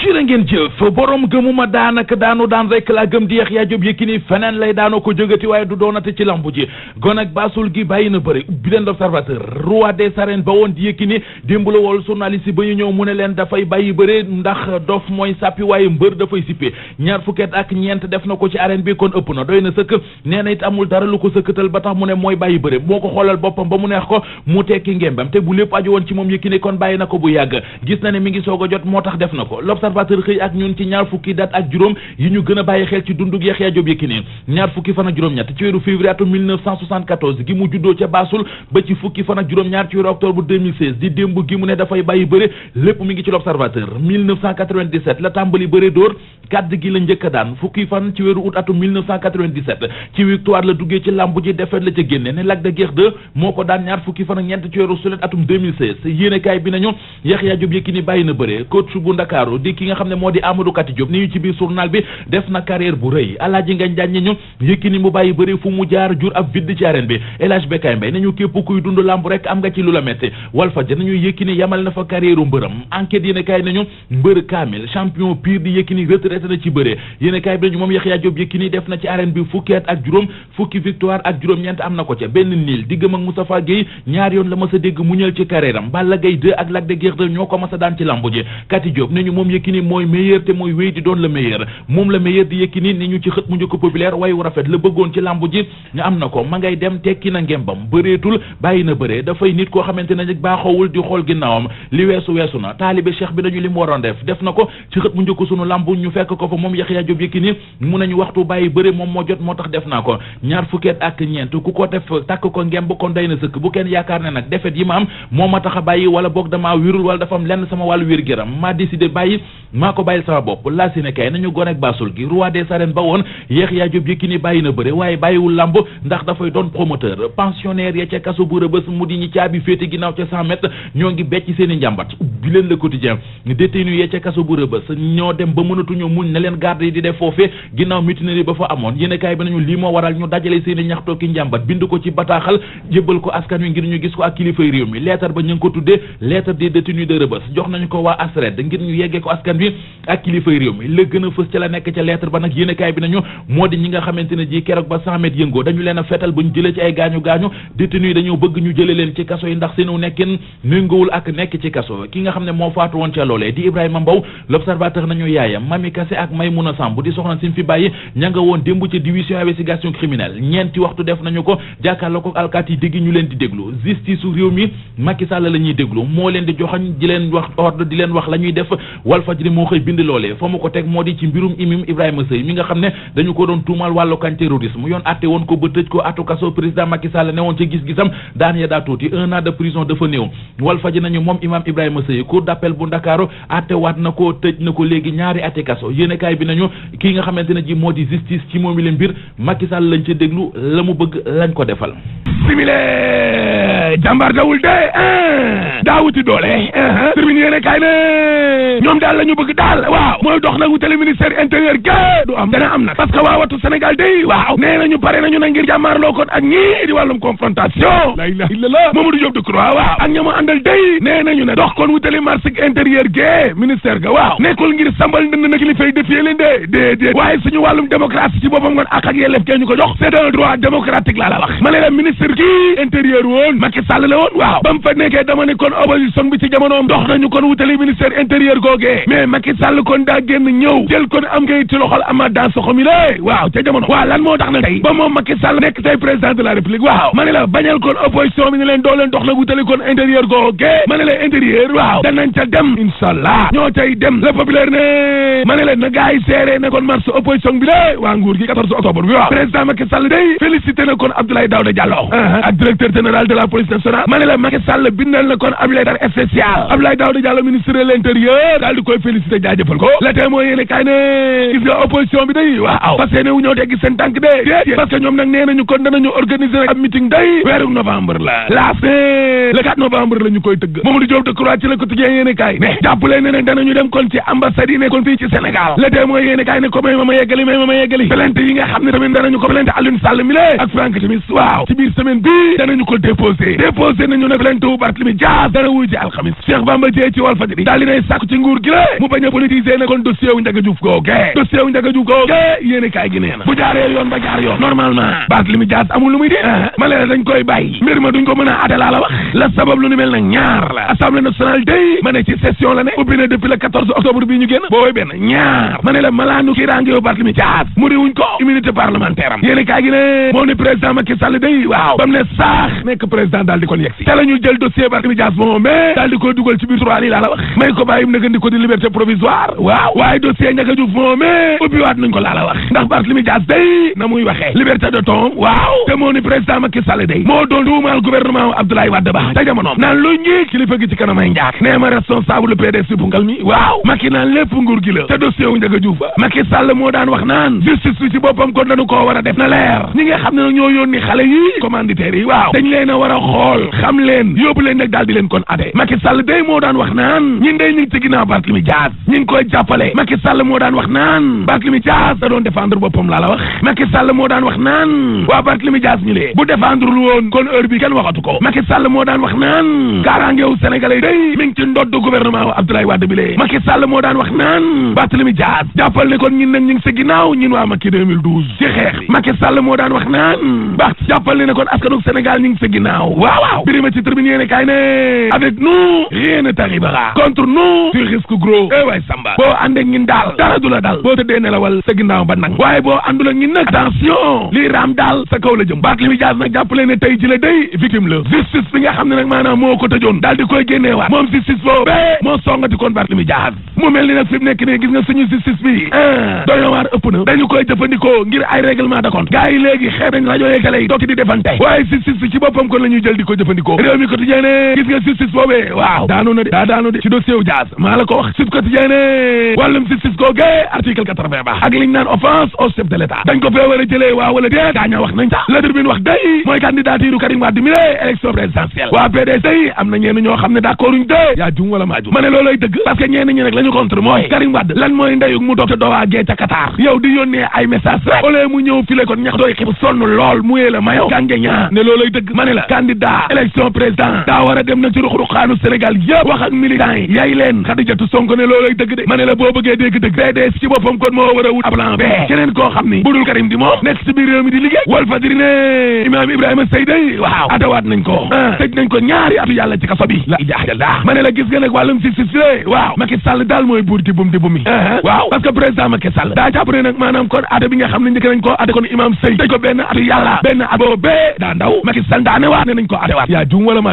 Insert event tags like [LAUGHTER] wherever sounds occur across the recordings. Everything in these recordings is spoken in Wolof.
jërë ngeen jëf borom gëmuma daanaka daanu daan rek la gëm di Yaxya Jóob Yékini feneen lay daanoo ko jógati waaye du doonate ci lambu ji gon ak baasul gi bàyyi na bëri bi leen l'observateur roi des arènes ba woon di Yékini démb la wool journaliste ba ñu ñëw mu ne leen dafay bàyyi bëri ndax dof mooy sàppi waaye mbër dafay sippe ñaar fukket ak ñeent def na ko ci arène bi kon ëpp na doy na sëkk nee na it amul dara lu ko sëkkatal ba tax mu ne mooy bàyyi bëri moo ko xoolal boppam ba mu neex ko mu tekki ngembam te bu lépp aju woon ci moom Yékini kon bàyyi na ko yàgg gis na ne mi ngi soog jot moo tax def na ko l'observateur xëy ak ñun ci ñaar fukki date ak juróom yi ñu gën a bàyyi xel ci dundug Yaxya Joob Yékini ñaar fukki fan ak juróom-ñett ci weeru février atum ci weeru octobre 2016 di démb gi mu ne dafay bàyyi bëre lépp mi ngi ci l'observateur la tàmbali bëre dóor kàdd gi la njëkk daan fukki fan ci weeru août atum ci victoire la duggee ci làmb ji defet la ca génne ne Lac de Guiers moo ko daan ñaar fukki fan ak ñeent ci weeru sulet atum 2016 yéenekaay ki nga xam ne moo di Amadou Kati Diop ni ñu ci biir journal bi def na carrière bu rëy alaaji ngañ jaan ñu Yékini mu bàyyi bëri fu mu jaar jur ab vidde ci arène rek am nga ci lu la metti wal fa dinañu Yékini na fa carrière mbërëm enquête yéen kaay nañu mbër kaamil champion pire di Yékini retraité ci bëre yéen bi nañu moom Yaxya Diop Yékini def na ci arène bi fukki at ak juróom fukki victoire ak juróom-ñeent am na ko ca benn niil diggam ak Moustapha Guèye ñaar yoon la ma sa dégg muñal ci carrière am Balla Gaye 2 ak Lac de Guiers 2 ñoo ko Yékini mooy meilleur te mooy wéy di doon le meilleur moom la meilleur di Yékini ni ñu ci xët mu njëkk populaire way wu rafet la bëggoon ci làmb ji ñu am na ko ma ngay dem tekki na ngembam bëreetul bàyyi na bëree dafay nit koo xamante nag baaxawul di xool ginnaawam li weesu weesu na taalibe cheikh bi nañu li mu waroon def def na ko ci xët mu njëkk sunu làmb ñu fekk ko fa moom Yaxya Jóob Yékini mu nañu waxtu bàyyi bëre moom moo jot moo tax def naa ko ñaar fukkeet ak ñeent ku ko def tàkk ko ngemb na sëkk bu kenn a bàyyi wala boog damaa wirul wala dafa am lenn sama wàllu wér-gu-yaram ma maa ko bàyyil sama bopp laa si ne kay nañu gone ak baasul gi roi des arènes ba woon Yaxya Jóob Yékini bàyyi na bëre waaye bàyyiwul lamb ndax dafay doon promoteur pensionnaire ya ca kaso bu rëbës mu di ñi caabi féete ginnaaw ca 100 mètres ñoo ngi becc seen i njàmbat bi leen le quotidien détenu ya ca kaso bu rëbës ñoo dem ba mënatuñu muñ na leen garde yi di def foofee ginnaaw mutinerie ba fa amoon yéen kaay bi nañu lii moo waral ñu dajale seen i ñaxtoo ki njàmbat bind ko ci bataaxal ko askan wi ngir ñu gis ko ak mi lettre ba ñu ko tuddee lettre des détenus de rëbës ko waa asred ngir ñu yeggee wi ak kilifay réew mi la gën a fës ca la nekk ca lettre ba nag yéenekaay bi nañu moo di ñi nga xamante ne ji keroog ba 100 yëngoo dañu leen a fetal ba ñu jëlee ci ay gaañu gaañu détenu yi dañoo bëgg ñu jëlee leen ci kaso yi ndax seenu nekkin nunguwul ak nekk ci kaso ki nga xam ne moo faatu woon ca loolee di Ibrahima Mbow l'observateur nañu yaayam Mami Kassé ak Maymouna Samb di soxna sim fi bàyyi ña woon démb ca division investigation criminelle la ñuy Libération moo xëy bind loolee fa mu ko teg moo di ci mbirum imam Ibrahima Seye mi nga xam ne dañu ko doon tuumal wàllu kan yoon atte woon ko ba tëj ko atu kaso président Macky Sall ne woon ca gis-gisam daan ya daa tuuti un an de prison dafa néew wal faji nañu moom imam Ibrahima Seye cour d'appel bu Ndakaaru atte waat na ko tëj na ko léegi ñaari ati kaso yéenekaay bi nañu kii nga xamante ne ji moo justice ci moomi le la mu bëgg lañ ko defal bëgg daal waaw mooy dox nag wutale ministère intérieur ga du am dana am nag parce que waa watu Sénégal day waaw nee nañu pare nañu na ngir jàmmaarloo a ak ñii di wàllum confrontation la ilaha illallah Mamadou Diop Decroix waaw ak ñama àndal day nee nañu ne dox kon wutale marché intérieur ga ministère ga waaw nekkul ngir sambal ndënd na kilifay defee leen de déedéet waaye suñu wàllum démocratie ci boppam ngoon ak ak yelleef kee ñu ko dox nañu kon wutale ministère Macky Sall kon daa génn ñëw waaw ca jamono waaw lan moo tax nag tey ba moom Macky nekk tey président de la République waaw ma ne la bañal kon opposition bi ne leen doo leen dox nag wutali kon intérieur googee ma ne la intérieur waaw danañ ca dem inshallah ñoo cay dem le populaire ne ma la na seere na kon mars opposition bi lé waa nguur gi 14 waaw président Macky Sall félicité na kon Abdoulaye Daouda Diallo uh-huh. ak directeur général de la police félicité jaajëfal ko la tey moo yéene kaay ne opposition bi day waaw parce que ne wu ñëw teggi seen tànk de déedéet ñoom nag nee nañu kon danañu organiser ab meeting day weeru novembre la laas ne le 4 novembre la ñu koy tëgg Mamadou Diop Decroix ci la quotidien yéene kaay ne jàppale ne nag danañu dem kon ci ambassade kon fii ci Sénégal la tey moo yéene kaay ko may ma ma yeggali may ma ma yeggali yi nga xam ne tamit danañu ko plainte Alioune Sall mi ak Franck Timis waaw ci biir semaine bi danañu ko déposé nguur gi la mu bañ a politiser na kon dossier wu Ndiaga Diouf googe dossier wu Ndiaga Diouf googe yéen i kaay gi nee bu jaaree yoon ba jaar yoon normalement baat li mu jaas amul lu muy dee ah. ma leen dañ koy bàyyi ma duñ ko mën a aate laa la la sabab lu ni mel nag ñaar la assemblée nationale ma ne ci session la ne ubbi na depuis octobre bii ñu booy benn ñaar ma ne la malaanu kii raange yow baat li jaas mu riwuñ ko immunité parlementaire am ne moo ne saax nekk liberté provisoire waaw waaye dossier Ndiaga Diouf moomee ubbi waat nañ ko laa la wax ndax Barthélémy Dias day na muy waxee liberté de ton waaw te moo ni président Macky Sall day moo doon duumaal gouvernement Abdoulaye Wade ba ca jamonoom naan lu ñii kilifa gi ci kanamay njaak nee ma responsable PDS bu ngal mi waaw Macky naan lépp gi la te dossier wu Ndiaga Diouf ba Macky Sall moo daan wax naan justice bi ci boppam kon dañu koo war a def na leer ñi nga xam ne nag ñoo yónni xale yi yi waaw dañ leen a war a xool xam leen yóbbu leen nag daal di leen kon ade Macky Sall day moo daan wax naan ñun day ñu ngi Dias ñu ngi koy jàppale Macky Sall moo daan wax naan Barthélémy Dias da doon défendre boppam laa la wax Macky Sall moo daan wax naan waa Barthélémy Dias ñu lee bu défendre lu woon kon heure bi kenn waxatu ko Macky Sall moo daan wax naan kaaraangeewu Sénégalais day mi ngi ci ndodd gouvernement wu Abdoulaye Wade bi lee Macky Sall moo daan wax naan Barthélémy Dias jàppal ne kon ñun nag ñu ngi sa ginnaaw ñun waa Macky 2012 ci xeex Macky Sall moo daan wax naan baax jàppal eh waay Samba boo àndee ngin daal dara du la dal boo tëddee nelawal sa ginnaaw ba nang waaye boo àndul ngin nag attention lii raam daal sa kaw la jëm li mu jaas nag jàppale ne tey ji la day victime la bi nga xam ne nag maanaam moo ko tëjoon daal di koy génneewaat moom justice boobu moo songati koon baat li mu jaas mu mel ni nag fi gis nga suñu justice bi ah doyowaar ëpp na dañu koy jëfandikoo ngir ay règlement de compte gars yi rajo yeeg di defante waaye justice bi ci boppam kon la ko jëfandikoo réew mi quotidien gis nga justice boobee waaw daanu na de daa daanu de ci dossier wu jaas maa la ko quotidien ne wàllum justice googe article 80 ba ak liñ naan de l'état dañ ko fee war a waa wala déet gaaña wax nañ sax la tribune wax day mooy candidature Karim Wade mi ne élection waa PDS yi am na ñeen ñoo jum wala maa jum ma ne looloy dëgg parce que ñeen mooy Karim Wade lan mooy ndeyug mu toog ca gee ca Qatar yow di yónnee ay message rek mu ñëw file kon ñax doy xibu sonn lool mu yee mayo gànge ñaa ne looloy dëgg ma la candidat a loolay dëgg de ma ne la boo bëggee dégg dëgg PDS ci moo war a wut ab plan B keneen Karim di moo nekk ci biir di liggéey Walf Fadjri ne Imaam Ibrahima Seye day waaw atawaat nañ ko ah tëj nañ ko ñaari atu yàlla ci la ilaha illallah ma gis nga nag wàllum si si si waaw Macky Sall daal mooy di bum di bumi ah. waaw parce que président Macky Sall daa jàpp ne nag maanaam kon ata nga xam ne njëkk nañ yaa juum wala ma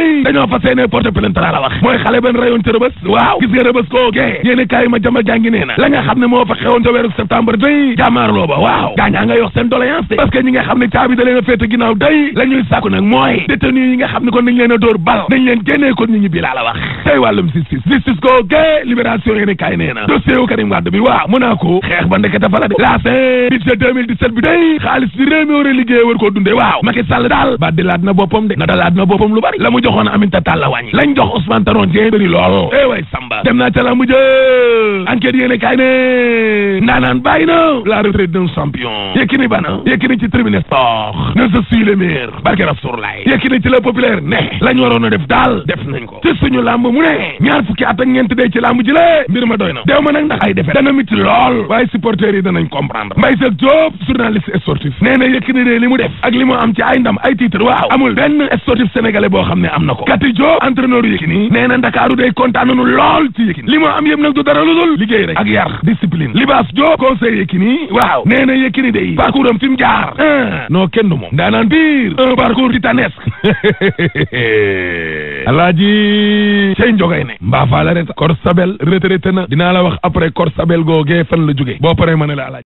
day dañoo fas yéene porte plainte laa la wax mooy xale ban rayoon ca rëbës waaw gis nga rëbës koo gee yéene kaay ma jama jàngi nee na la nga xam ne moo fa xewoon ca weeru septembre day jàmmaarloo ba waaw gaañaa nga yox seen doléance de parce que ñi nga xam ne caabi da leen a féete ginnaaw day la ñuy sàkku nag mooy détenu yi nga xam ne kon nañ leen a dóor bal nañ leen génnee kon ñu ñibbi laa la wax tey wàllum justice justice koo gee libération yéene kaay nee na dossier wu Karim Wade bi waaw mën naa ko xeex ba ndekete fa la de laas budget 2017 bi day xaalis bi réew mi war a liggéey war koo dundee waaw Macky Sall daal ba di laat na boppam de na dalaat na boppam lu bari la mu jox joxoon Aminata Tall la wàññi lañ jox Ousmane Tanor Dieng bëri lool eh way Samba dem naa ca la mujj enquête yéene kaay ne ndaanaan bàyyi na la retraite d'un champion Yékini bana Yékini ci tribune sport ne je suis le meilleur barke Rasoulaay Yékini ci la populaire ne lañ waroon a def daal def nañ ko ci suñu làmb mu ne ñaar fukki at ñeent day ci làmb ji la mbir ma doy dew ma nag ndax ay defe dana mit lool waaye supporters yi danañ comprendre Mbaye Seck Diop journaliste sportif nee na Yékini li mu def ak am ci ay ndam ay titre waaw amul benn sportif sénégalais boo xam ne am na ko Kati Diop entraîneur Yékini nee na Ndakaaru day kontaan nu lool ci Yékini li mu am yëpp nag du dara lu dul liggéey rek ak yar discipline Libaas Diop conseil Yékini waaw nee na Yékini day parcours am fi mu jaar noo kenn du moom daanaan biir un parcours titanesque [LAUGHS] alaaji cey njogay ne mbaa faa la reta kor sabel retraité na dinaa la wax après kor sabel googee fan la jóge boo paree ma ne la alaaji